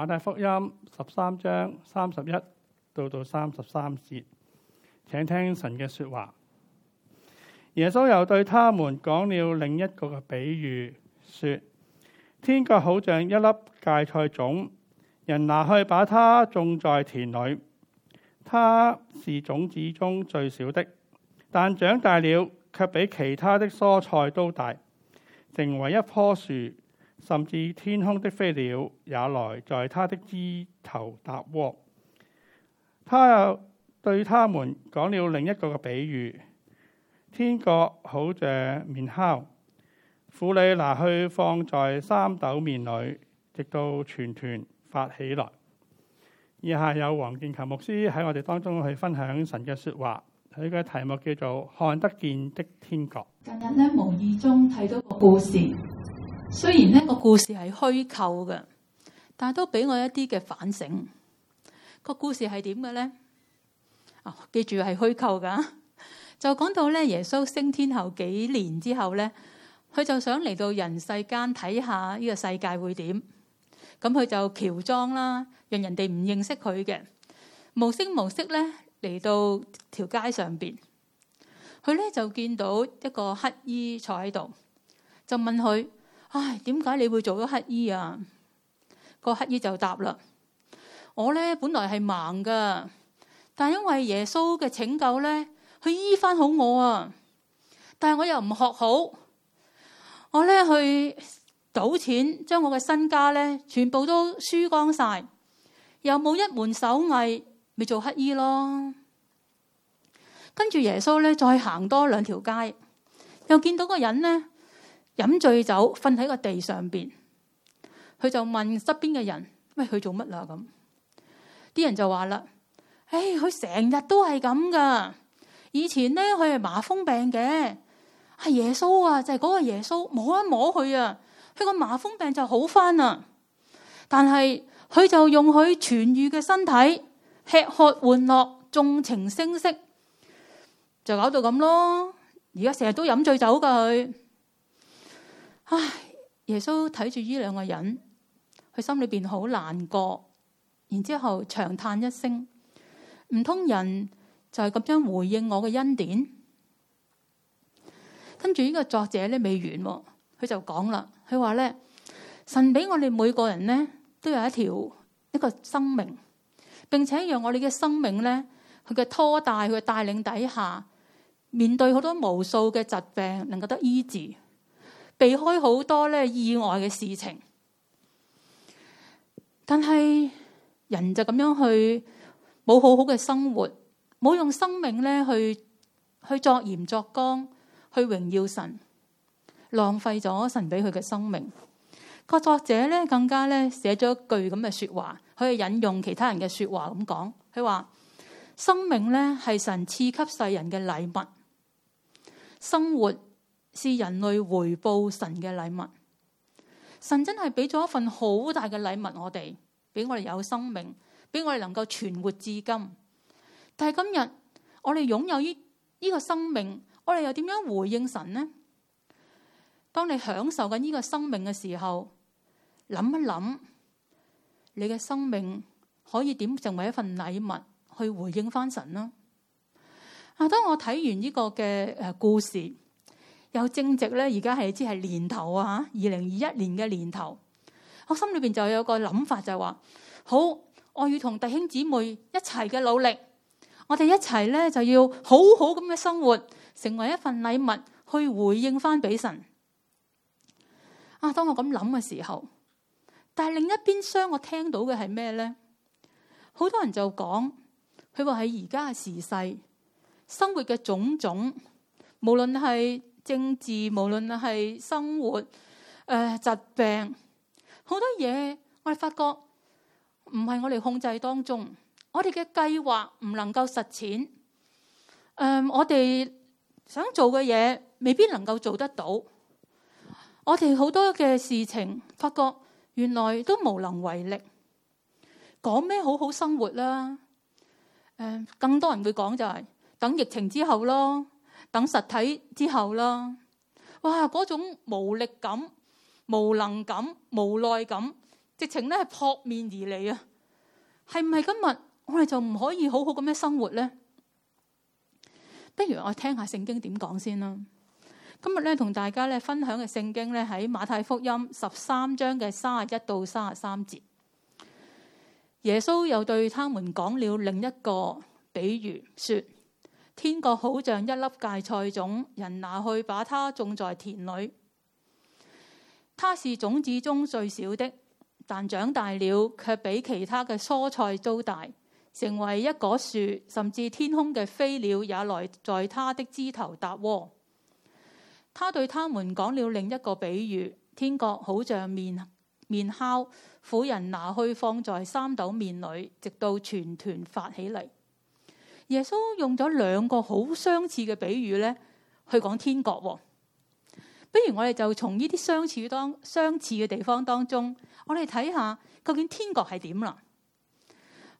馬太福音十三章三十一到到三十三節，請聽神嘅說話。耶穌又對他們講了另一個嘅比喻，說：天國好像一粒芥菜種，人拿去把它種在田裏，它是種子中最小的，但長大了卻比其他的蔬菜都大，成為一棵樹。甚至天空的飛鳥也來在他的枝頭搭窩。他又對他們講了另一個嘅比喻：天國好像麵酵，婦女拿去放在三斗麵裡，直到全團發起來。以下有黃建琴牧師喺我哋當中去分享神嘅說話，佢嘅題目叫做《看得見的天國》。近日呢，無意中睇到個故事。雖然呢個故事係虛構嘅，但係都俾我一啲嘅反省。個故事係點嘅咧？記住係虛構噶。就講到咧，耶穌升天後幾年之後咧，佢就想嚟到人世間睇下呢個世界會點。咁佢就喬裝啦，讓人哋唔認識佢嘅，無聲無息咧嚟到條街上邊，佢咧就見到一個乞衣坐喺度，就問佢。唉，點解你會做咗乞衣啊？個乞衣就答啦：我咧本來係盲噶，但係因為耶穌嘅拯救咧，佢醫翻好我啊！但係我又唔學好，我咧去賭錢，將我嘅身家咧全部都輸光晒，又冇一門手藝，咪做乞衣咯。跟住耶穌咧，再行多兩條街，又見到個人咧。飲醉酒，瞓喺個地上邊，佢就問側邊嘅人：喂，佢做乜啦？咁，啲人就話啦：唉、哎，佢成日都係咁噶。以前咧，佢係麻風病嘅，係、啊、耶穌啊，就係、是、嗰個耶穌摸一摸佢啊，佢個麻風病就好翻啊。但係佢就用佢痊癒嘅身體吃喝玩樂，縱情聲色，就搞到咁咯。而家成日都飲醉酒噶佢。唉，耶穌睇住呢兩個人，佢心裏邊好難過，然之後長嘆一聲，唔通人就係咁樣回應我嘅恩典？跟住呢個作者咧未完，佢就講啦，佢話咧神俾我哋每個人呢，都有一條一個生命，並且讓我哋嘅生命呢，佢嘅拖帶佢嘅帶領底下，面對好多無數嘅疾病，能夠得醫治。避開好多咧意外嘅事情，但係人就咁樣去冇好好嘅生活，冇用生命咧去去作鹽作光去榮耀神，浪費咗神俾佢嘅生命。個作者咧更加咧寫咗一句咁嘅說話，佢係引用其他人嘅說話咁講。佢話生命咧係神賜給世人嘅禮物，生活。是人類回報神嘅禮物，神真係俾咗一份好大嘅禮物我哋，俾我哋有生命，俾我哋能夠存活至今。但係今日我哋擁有呢、呢個生命，我哋又點樣回應神呢？當你享受緊呢個生命嘅時候，諗一諗你嘅生命可以點成為一份禮物去回應翻神啦。啊，當我睇完呢個嘅誒故事。有正值咧，而家係即係年頭啊！吓，二零二一年嘅年頭，我心裏邊就有個諗法，就係話，好，我要同弟兄姊妹一齊嘅努力，我哋一齊咧就要好好咁嘅生活，成為一份禮物去回應翻俾神。啊，當我咁諗嘅時候，但係另一邊廂，我聽到嘅係咩咧？好多人就講，佢話喺而家嘅時勢，生活嘅種種，無論係。政治，無論係生活、誒、呃、疾病，好多嘢我哋發覺唔係我哋控制當中，我哋嘅計劃唔能夠實踐。誒、呃，我哋想做嘅嘢未必能夠做得到。我哋好多嘅事情，發覺原來都無能為力。講咩好好生活啦、啊呃？更多人會講就係、是、等疫情之後咯。等實體之後啦，哇！嗰種無力感、無能感、無奈感，直情咧係撲面而嚟啊！係唔係今日我哋就唔可以好好咁樣生活呢？不如我聽下聖經點講先啦。今日咧同大家咧分享嘅聖經咧喺馬太福音十三章嘅三十一到三十三節，耶穌又對他們講了另一個比喻，說。天國好像一粒芥菜種，人拿去把它種在田裏。它是種子中最小的，但長大了却比其他嘅蔬菜都大，成為一棵樹，甚至天空嘅飛鳥也來在它的枝頭搭窩。他對他們講了另一個比喻：天國好像麵麵酵，婦人拿去放在三斗麵裏，直到全團發起嚟。耶穌用咗兩個好相似嘅比喻咧，去講天國。不如我哋就從呢啲相似當相似嘅地方當中，我哋睇下究竟天國係點啦。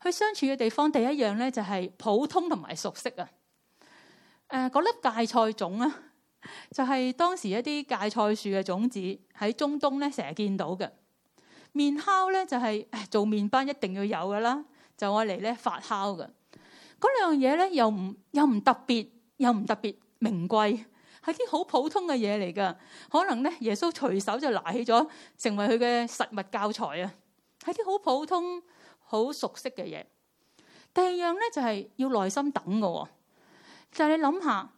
佢相處嘅地方第一樣咧就係普通同埋熟悉啊。誒、呃，嗰粒芥菜種啊，就係、是、當時一啲芥菜樹嘅種子喺中東咧成日見到嘅。麵酵咧就係、是、做麵包一定要有噶啦，就用嚟咧發酵嘅。嗰兩樣嘢咧，又唔又唔特別，又唔特別名貴，係啲好普通嘅嘢嚟噶。可能咧，耶穌隨手就拿起咗，成為佢嘅實物教材啊。係啲好普通、好熟悉嘅嘢。第二樣咧就係要耐心等嘅。就係你諗下，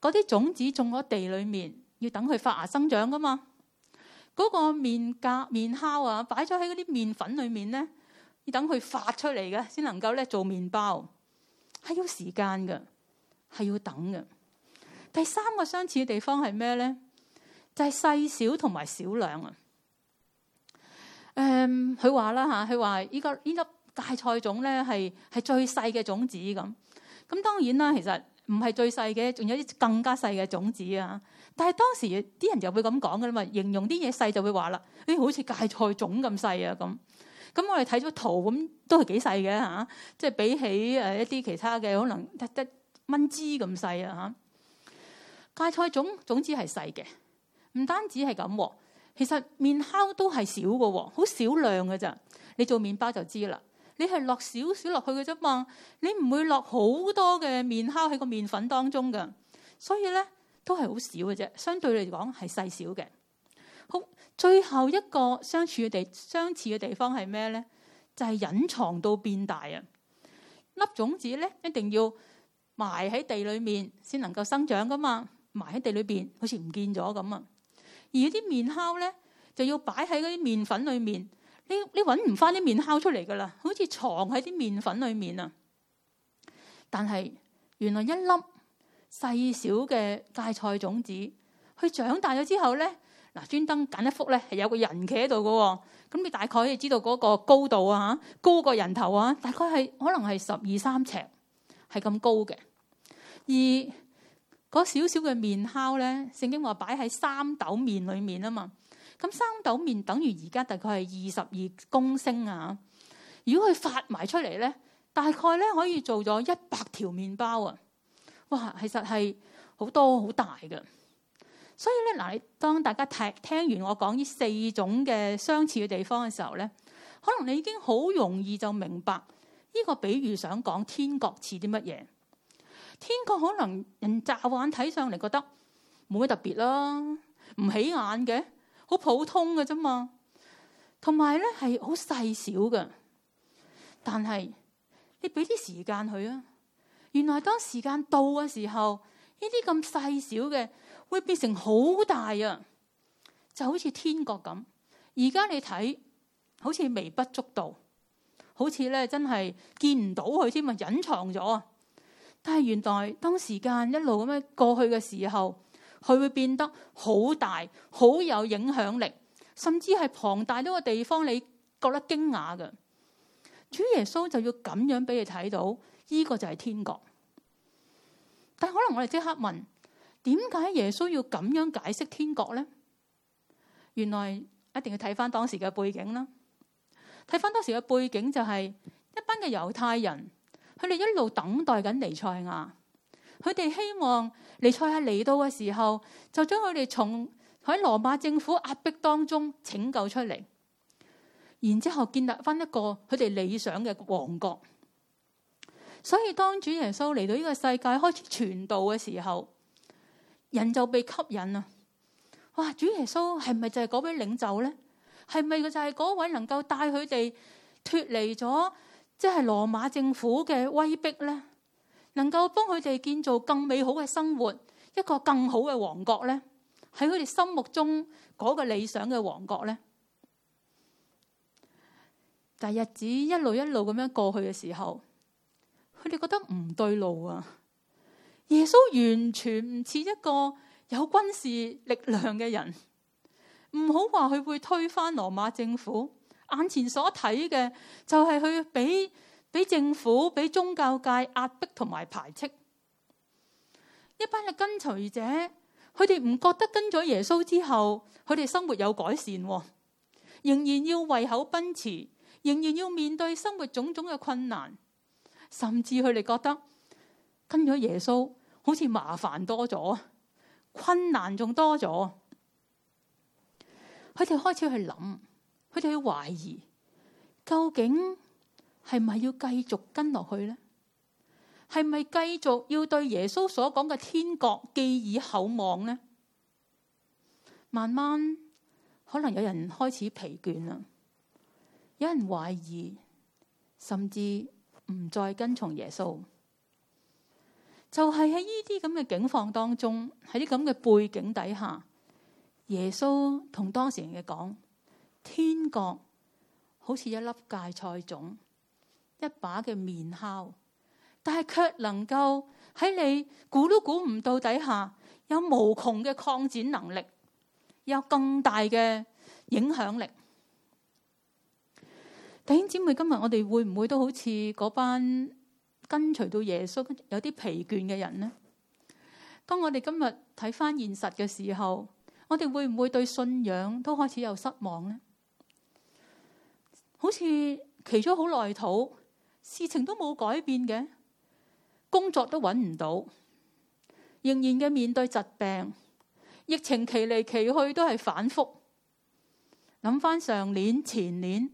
嗰啲種子種咗地裏面，要等佢發芽生長噶嘛？嗰個麵架麵酵啊，擺咗喺嗰啲麵粉裏面咧，要等佢發出嚟嘅，先能夠咧做麵包。係要時間嘅，係要等嘅。第三個相似嘅地方係咩咧？就係、是、細小同埋少量啊。誒、嗯，佢話啦吓，佢話依個依粒、這個哎、芥菜種咧，係係最細嘅種子咁。咁當然啦，其實唔係最細嘅，仲有啲更加細嘅種子啊。但係當時啲人就會咁講噶啦嘛，形容啲嘢細就會話啦，誒，好似芥菜種咁細啊咁。咁我哋睇咗圖，咁都係幾細嘅嚇，即係比起誒一啲其他嘅可能得蚊枝咁細啊嚇。芥菜種種子係細嘅，唔單止係咁，其實麵酵都係少嘅喎，好少量嘅咋，你做麵包就知啦，你係落少少落去嘅啫嘛，你唔會落好多嘅麵酵喺個麵粉當中嘅，所以咧都係好少嘅啫，相對嚟講係細小嘅。好。最後一個相處嘅地相似嘅地方係咩咧？就係、是、隱藏到變大啊！粒種子咧一定要埋喺地裏面先能夠生長噶嘛，埋喺地裏邊好似唔見咗咁啊！而啲麵酵咧就要擺喺嗰啲麵粉裏面，你你搵唔返啲麵酵出嚟噶啦，好似藏喺啲麵粉裏面啊！但係原來一粒細小嘅芥菜種子，佢長大咗之後咧。嗱，專登揀一幅咧，係有個人企喺度嘅喎。咁你大概可以知道嗰個高度啊，高個人頭啊，大概係可能係十二三尺，係咁高嘅。而嗰少少嘅麵烤咧，聖經話擺喺三斗麵裡面啊嘛。咁三斗麵等於而家大概係二十二公升啊。如果佢發埋出嚟咧，大概咧可以做咗一百條麵包啊。哇，其實係好多好大嘅。所以咧嗱，當大家聽聽完我講呢四種嘅相似嘅地方嘅時候咧，可能你已經好容易就明白呢個比喻想講天國似啲乜嘢？天國可能人驟眼睇上嚟覺得冇乜特別啦，唔起眼嘅，好普通嘅啫嘛。同埋咧係好細小嘅，但係你俾啲時間佢啊。原來當時間到嘅時候，呢啲咁細小嘅，會變成好大啊，就好似天國咁。而家你睇，好似微不足道，好似咧真係見唔到佢添啊，隱藏咗啊。但係原來當時間一路咁樣過去嘅時候，佢會變得好大，好有影響力，甚至係龐大呢個地方，你覺得驚訝嘅。主耶穌就要咁樣俾你睇到，呢個就係天國。但係可能我哋即刻問。點解耶穌要咁樣解釋天國呢？原來一定要睇翻當時嘅背景啦。睇翻當時嘅背景就係、是、一班嘅猶太人，佢哋一路等待緊尼賽亞，佢哋希望尼賽亞嚟到嘅時候，就將佢哋從喺羅馬政府壓迫當中拯救出嚟，然之後建立翻一個佢哋理想嘅王國。所以當主耶穌嚟到呢個世界開始傳道嘅時候，人就被吸引啊。哇，主耶穌係咪就係嗰位領袖呢？係咪就係嗰位能夠帶佢哋脫離咗即係羅馬政府嘅威逼呢？能夠幫佢哋建造更美好嘅生活，一個更好嘅王國呢？喺佢哋心目中嗰個理想嘅王國呢？但日子一路一路咁樣過去嘅時候，佢哋覺得唔對路啊！耶穌完全唔似一個有軍事力量嘅人，唔好話佢會推翻羅馬政府。眼前所睇嘅就係佢俾俾政府、俾宗教界壓迫同埋排斥。一班嘅跟隨者，佢哋唔覺得跟咗耶穌之後，佢哋生活有改善，仍然要為口奔馳，仍然要面對生活種種嘅困難，甚至佢哋覺得跟咗耶穌。好似麻煩多咗，困難仲多咗。佢哋開始去諗，佢哋去懷疑，究竟係咪要繼續跟落去呢？係咪繼續要對耶穌所講嘅天國寄以厚望呢？慢慢可能有人開始疲倦啦，有人懷疑，甚至唔再跟從耶穌。就係喺呢啲咁嘅境況當中，喺啲咁嘅背景底下，耶穌同當時人嘅講，天國好似一粒芥菜種，一把嘅麵酵，但係卻能夠喺你估都估唔到底下，有無窮嘅擴展能力，有更大嘅影響力。弟兄姊妹，今日我哋會唔會都好似嗰班？跟隨到耶穌，有啲疲倦嘅人呢。當我哋今日睇翻現實嘅時候，我哋會唔會對信仰都開始有失望呢？好似祈咗好耐，土事情都冇改變嘅，工作都揾唔到，仍然嘅面對疾病、疫情，期嚟期去都係反復。諗翻上年、前年，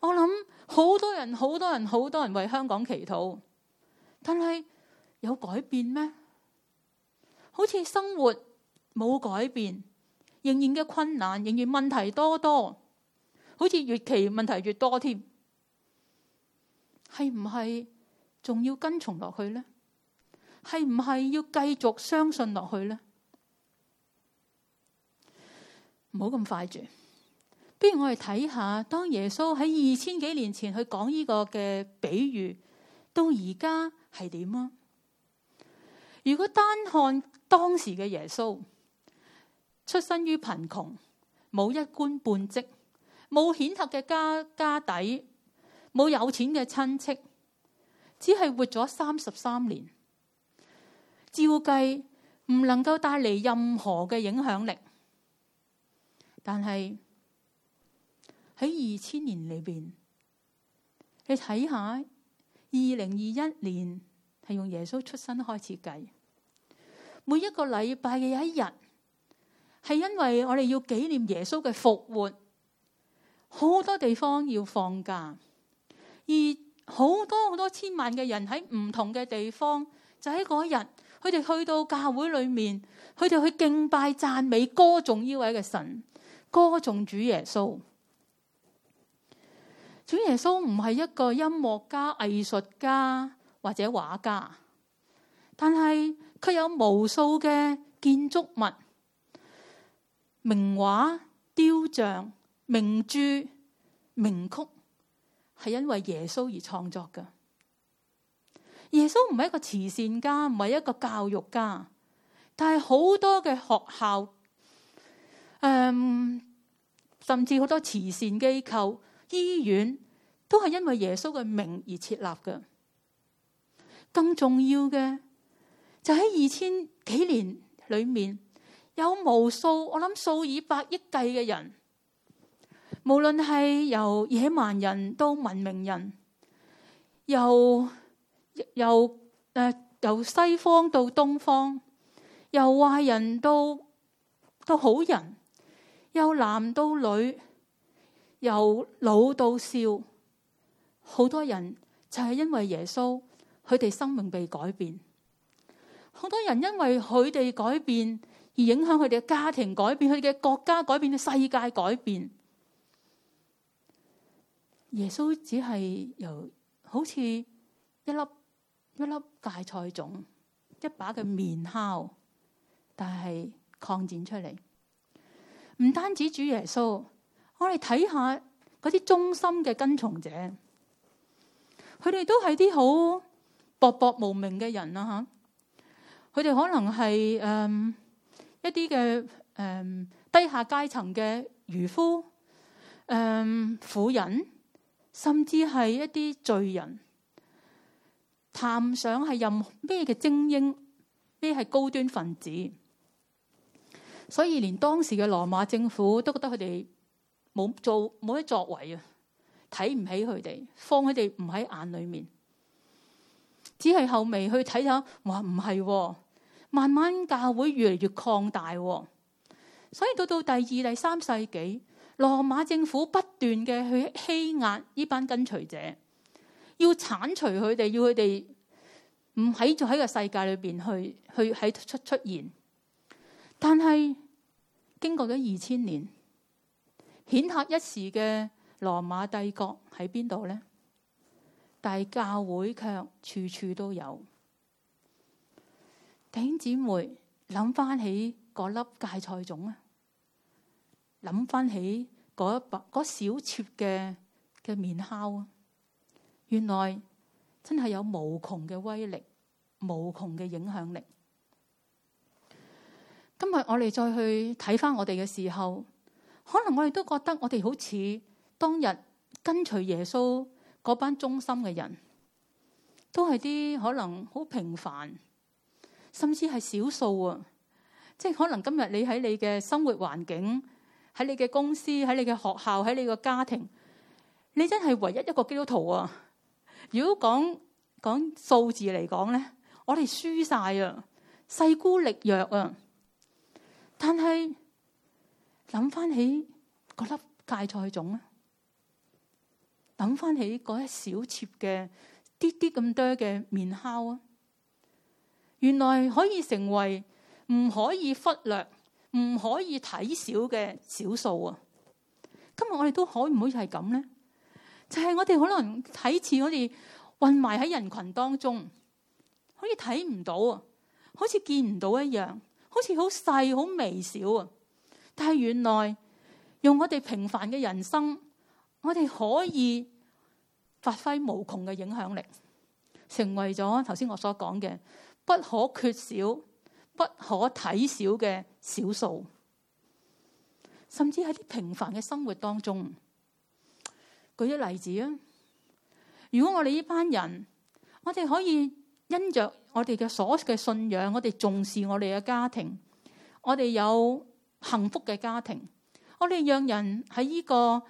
我諗好多人、好多人、好多人為香港祈禱。但係有改變咩？好似生活冇改變，仍然嘅困難，仍然問題多多，好似越期問題越多添。係唔係仲要跟從落去呢？係唔係要繼續相信落去呢？唔好咁快住，不如我哋睇下，當耶穌喺二千幾年前去講呢個嘅比喻，到而家，係點啊？如果單看當時嘅耶穌，出身於貧窮，冇一官半職，冇顯赫嘅家家底，冇有錢嘅親戚，只係活咗三十三年，照計唔能夠帶嚟任何嘅影響力。但係喺二千年裏邊，你睇下。二零二一年係用耶穌出生開始計，每一個禮拜嘅一日，係因為我哋要紀念耶穌嘅復活，好多地方要放假，而好多好多千萬嘅人喺唔同嘅地方，就喺嗰日，佢哋去到教會裏面，佢哋去敬拜讚美歌頌呢位嘅神，歌頌主耶穌。主耶穌唔係一個音樂家、藝術家或者畫家，但係佢有無數嘅建築物、名畫、雕像、名著、名曲，係因為耶穌而創作嘅。耶穌唔係一個慈善家，唔係一個教育家，但係好多嘅學校，嗯，甚至好多慈善機構。醫院都係因為耶穌嘅名而設立嘅。更重要嘅就喺二千幾年裏面，有無數我諗數以百億計嘅人，無論係由野蠻人到文明人，由由誒、呃、由西方到東方，由壞人到到好人，由男到女。由老到少，好多人就係因為耶穌，佢哋生命被改變。好多人因為佢哋改變而影響佢哋嘅家庭改變，佢哋嘅國家改變，世界改變。耶穌只係由好似一粒一粒芥菜種，一把嘅麵酵，但係擴展出嚟。唔單止主耶穌。我哋睇下嗰啲忠心嘅跟從者，佢哋都係啲好勃勃無名嘅人啊吓。佢哋可能係誒一啲嘅誒低下階層嘅漁夫、誒婦人，甚至係一啲罪人，探上係任咩嘅精英，咩係高端分子。所以連當時嘅羅馬政府都覺得佢哋。冇做冇得作為啊，睇唔起佢哋，放佢哋唔喺眼裏面，只係後尾去睇下，哇唔係，喎，慢慢教會越嚟越擴大，所以到到第二、第三世紀，羅馬政府不斷嘅去欺壓呢班跟隨者，要鏟除佢哋，要佢哋唔喺就喺個世界裏邊去去喺出出現，但係經過咗二千年。顯赫一時嘅羅馬帝國喺邊度呢？但係教會卻處處都有。頂姊妹諗翻起嗰粒芥菜種啊，諗翻起嗰一，小撮嘅嘅麵酵啊，原來真係有無窮嘅威力，無窮嘅影響力。今日我哋再去睇翻我哋嘅時候。可能我哋都覺得我哋好似當日跟隨耶穌嗰班忠心嘅人，都係啲可能好平凡，甚至係少數啊！即係可能今日你喺你嘅生活環境，喺你嘅公司，喺你嘅學校，喺你嘅家庭，你真係唯一一個基督徒啊！如果講講數字嚟講咧，我哋輸晒啊，勢孤力弱啊，但係，諗翻起嗰粒芥菜種啊，諗翻起嗰一小撮嘅啲啲咁多嘅麵酵，啊，原來可以成為唔可以忽略、唔可以睇小嘅少數啊！今日我哋都可唔可以係咁咧？就係、是、我哋可能睇似我哋混埋喺人群當中，好似睇唔到啊，好似見唔到一樣，好似好細、好微小啊！但係原來用我哋平凡嘅人生，我哋可以發揮無窮嘅影響力，成為咗頭先我所講嘅不可缺少、不可睇小嘅少數。甚至喺啲平凡嘅生活當中，舉一例子啊！如果我哋呢班人，我哋可以因着我哋嘅所嘅信仰，我哋重視我哋嘅家庭，我哋有。幸福嘅家庭，我哋讓人喺呢個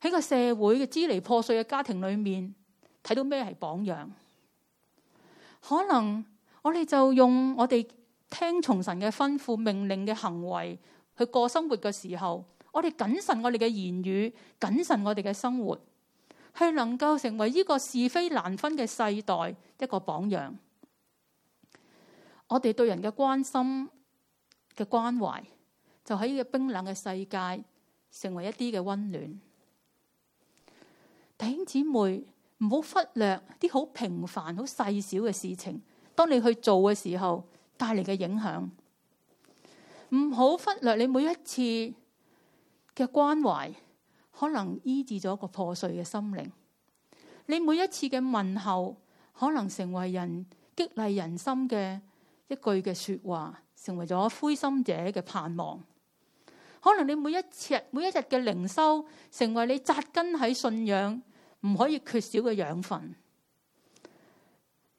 喺個社會嘅支離破碎嘅家庭裏面睇到咩係榜樣？可能我哋就用我哋聽從神嘅吩咐命令嘅行為去過生活嘅時候，我哋謹慎我哋嘅言語，謹慎我哋嘅生活，去能夠成為呢個是非難分嘅世代一個榜樣。我哋對人嘅關心嘅關懷。就喺呢個冰冷嘅世界，成為一啲嘅溫暖。弟兄姊妹，唔好忽略啲好平凡、好細小嘅事情。當你去做嘅時候，帶嚟嘅影響，唔好忽略你每一次嘅關懷，可能醫治咗一個破碎嘅心靈。你每一次嘅問候，可能成為人激勵人心嘅一句嘅說話，成為咗灰心者嘅盼望。可能你每一次每一日嘅靈修，成為你紮根喺信仰唔可以缺少嘅養分。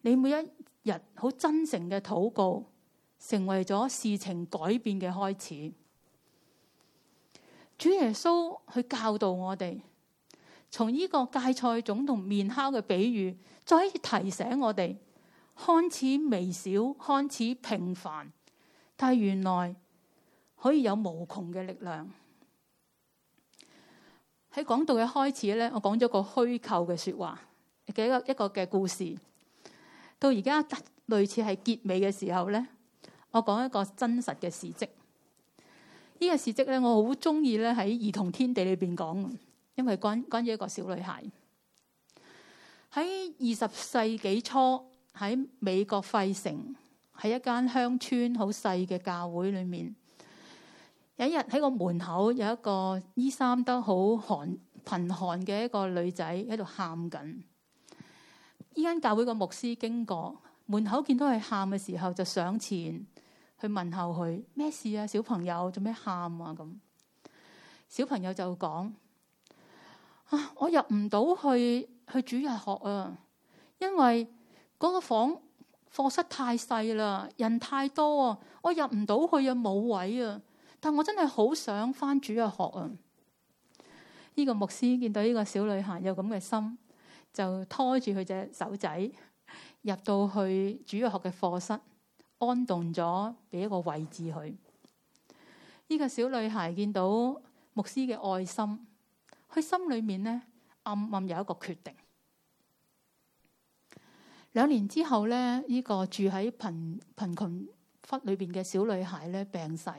你每一日好真誠嘅禱告，成為咗事情改變嘅開始。主耶穌去教導我哋，從呢個芥菜種同麵酵嘅比喻，再一次提醒我哋：看似微小，看似平凡，但係原來。可以有無窮嘅力量。喺講道嘅開始咧，我講咗個虛構嘅說話，一個一個嘅故事。到而家類似係結尾嘅時候咧，我講一個真實嘅事跡。呢個事跡咧，我好中意咧喺兒童天地裏邊講，因為關關於一個小女孩喺二十世紀初喺美國費城喺一間鄉村好細嘅教會裏面。有一日喺個門口有一個衣衫得好寒貧寒嘅一個女仔喺度喊緊。依間教會個牧師經過門口見到佢喊嘅時候，就上前去問候佢咩事啊？小朋友做咩喊啊？咁小朋友就講：啊，我入唔到去去主日學啊，因為嗰個房課室太細啦，人太多啊，我入唔到去啊，冇位啊。但我真係好想返主日學啊！呢、這個牧師見到呢個小女孩有咁嘅心，就拖住佢隻手仔入到去主日學嘅課室，安頓咗俾一個位置佢。呢、這個小女孩見到牧師嘅愛心，佢心裏面呢暗暗有一個決定。兩年之後呢，呢、這個住喺貧貧窮窟裏邊嘅小女孩呢病逝。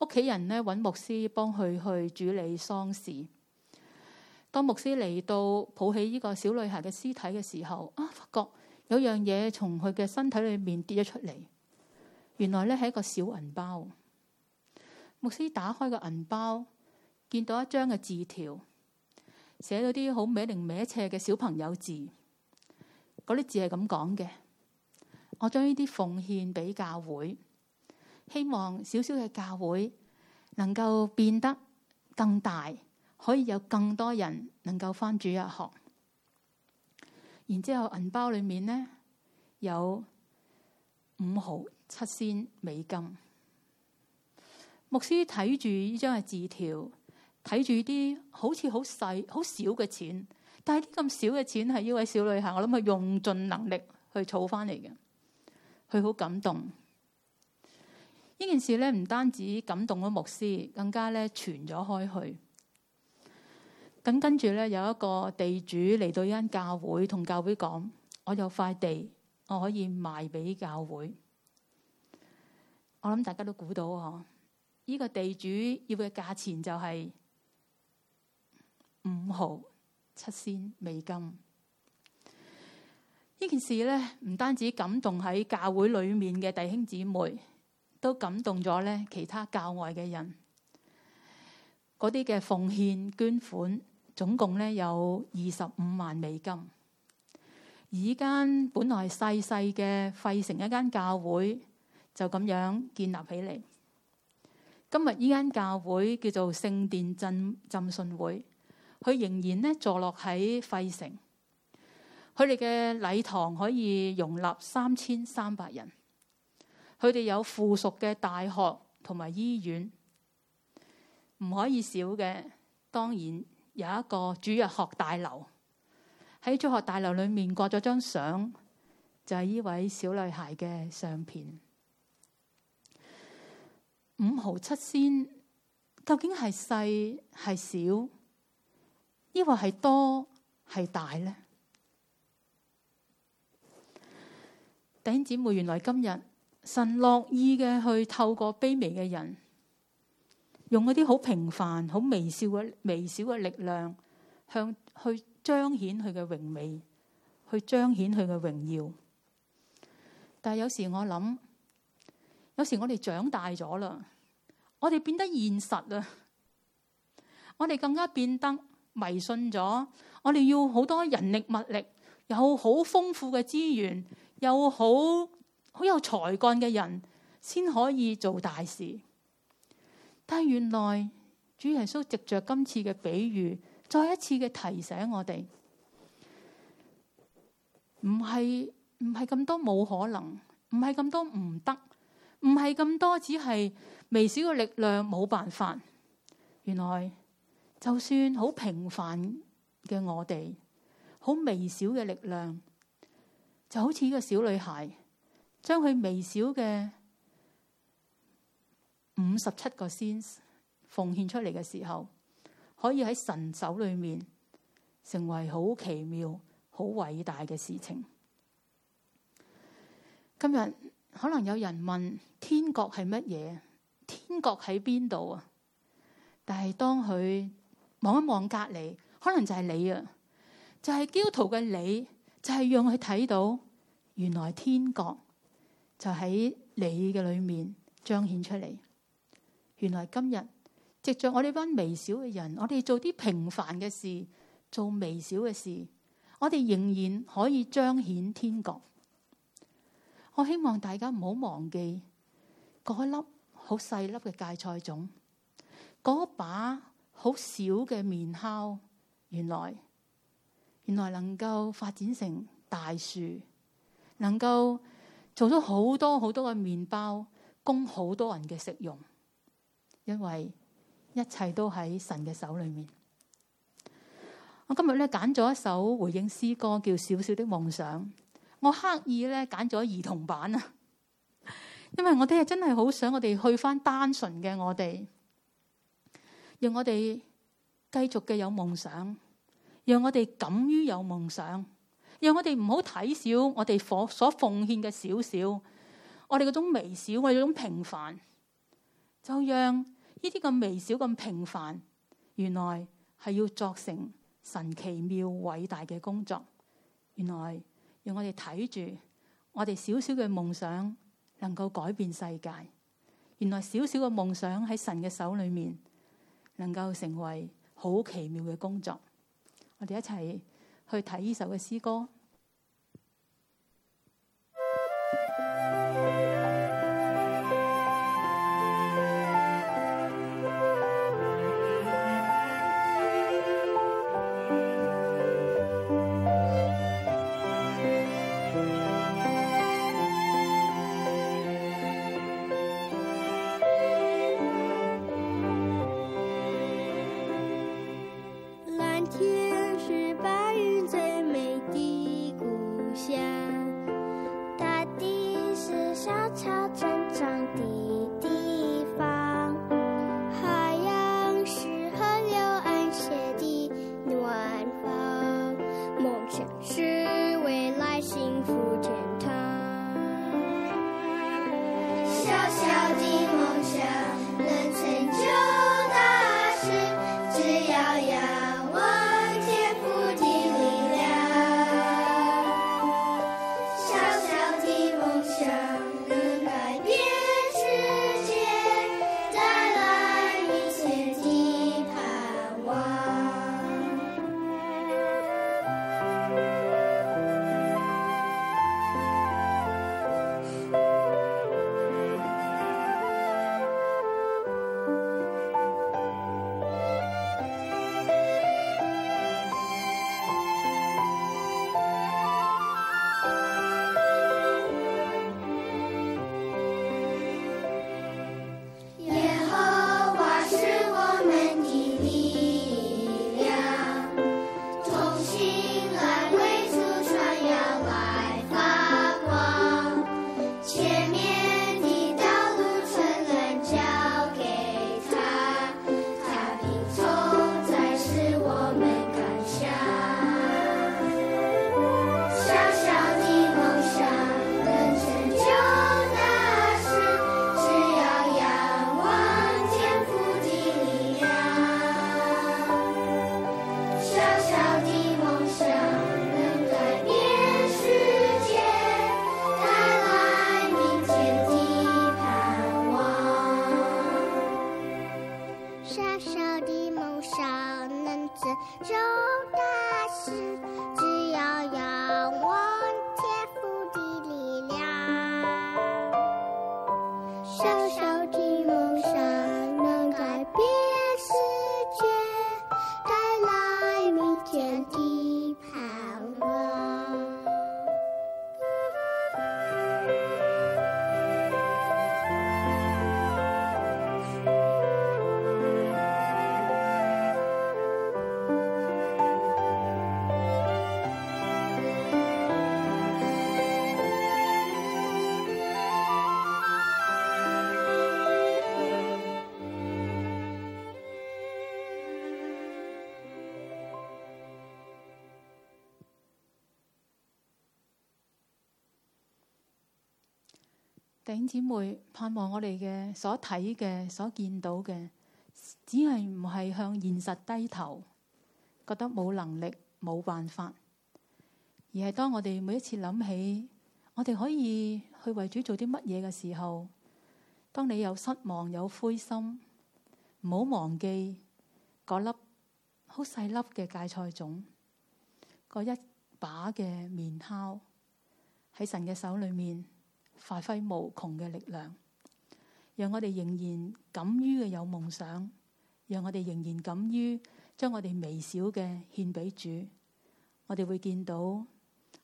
屋企人呢，揾牧師幫佢去處理喪事。當牧師嚟到抱起呢個小女孩嘅屍體嘅時候，啊，發覺有樣嘢從佢嘅身體裏面跌咗出嚟。原來呢係一個小銀包。牧師打開個銀包，見到一張嘅字條，寫咗啲好歪零歪斜嘅小朋友字。嗰啲字係咁講嘅：我將呢啲奉獻俾教會。希望少少嘅教會能夠變得更大，可以有更多人能夠返主日學。然之後銀包裏面呢，有五毫七仙美金。牧師睇住呢張嘅字條，睇住啲好似好細好少嘅錢，但係啲咁少嘅錢係呢位小女孩，我諗佢用盡能力去儲翻嚟嘅，佢好感動。呢件事呢，唔單止感動咗牧師，更加咧傳咗開去。咁跟住咧有一個地主嚟到一間教會，同教會講：我有塊地，我可以賣俾教會。我諗大家都估到嗬，呢個地主要嘅價錢就係五毫七仙美金。呢件事咧唔單止感動喺教會裏面嘅弟兄姊妹。都感動咗咧，其他教外嘅人，嗰啲嘅奉獻捐款總共咧有二十五萬美金。依間本來細細嘅費城一間教會就咁樣建立起嚟。今日依間教會叫做聖殿浸浸信會，佢仍然咧坐落喺費城，佢哋嘅禮堂可以容納三千三百人。佢哋有附屬嘅大學同埋醫院，唔可以少嘅。當然有一個主日學大樓，喺主日學大樓裏面掛咗張相，就係呢位小女孩嘅相片。五毫七仙究竟係細係少，抑或係多係大呢？弟兄姊妹，原來今日。神樂意嘅去透過卑微嘅人，用嗰啲好平凡、好微笑嘅微小嘅力量，向去彰顯佢嘅榮美，去彰顯佢嘅榮耀。但係有時我諗，有時我哋長大咗啦，我哋變得現實啦，我哋更加變得迷信咗，我哋要好多人力物力，有好豐富嘅資源，有好。好有才幹嘅人先可以做大事，但係原來主耶穌藉着今次嘅比喻，再一次嘅提醒我哋，唔係唔係咁多冇可能，唔係咁多唔得，唔係咁多，只係微小嘅力量冇辦法。原來就算好平凡嘅我哋，好微小嘅力量，就好似一個小女孩。將佢微小嘅五十七個 s 奉獻出嚟嘅時候，可以喺神手裏面成為好奇妙、好偉大嘅事情。今日可能有人問，天國係乜嘢？天國喺邊度啊？但係當佢望一望隔籬，可能就係你啊，就係基督徒嘅你，就係、是就是、讓佢睇到原來天國。就喺你嘅裏面彰顯出嚟。原來今日，藉着我哋班微小嘅人，我哋做啲平凡嘅事，做微小嘅事，我哋仍然可以彰顯天國。我希望大家唔好忘記嗰粒好細粒嘅芥菜種，嗰把好小嘅麵酵，原來原來能夠發展成大樹，能夠。做咗好多好多嘅麵包，供好多人嘅食用，因為一切都喺神嘅手裏面。我今日咧揀咗一首回應詩歌，叫《小小的夢想》。我刻意咧揀咗兒童版啊，因為我哋係真係好想我哋去翻單純嘅我哋，讓我哋繼續嘅有夢想，讓我哋敢於有夢想。讓我哋唔好睇小我哋所所奉獻嘅少少，我哋嗰種微小，我哋嗰種平凡，就讓呢啲咁微小、咁平凡，原來係要作成神奇妙偉大嘅工作。原來讓我哋睇住我哋少少嘅夢想能夠改變世界。原來少少嘅夢想喺神嘅手裏面，能夠成為好奇妙嘅工作。我哋一齊。去睇呢首嘅詩歌。弟兄姊妹盼望我哋嘅所睇嘅、所見到嘅，只係唔係向現實低頭，覺得冇能力、冇辦法，而係當我哋每一次諗起，我哋可以去為主做啲乜嘢嘅時候，當你有失望、有灰心，唔好忘記嗰粒好細粒嘅芥菜種，嗰一把嘅麪酵喺神嘅手裏面。發揮無窮嘅力量，讓我哋仍然敢於嘅有夢想，讓我哋仍然敢於將我哋微小嘅獻俾主，我哋會見到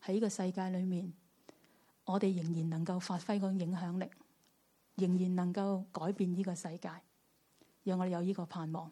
喺呢個世界裏面，我哋仍然能夠發揮個影響力，仍然能夠改變呢個世界，讓我哋有呢個盼望。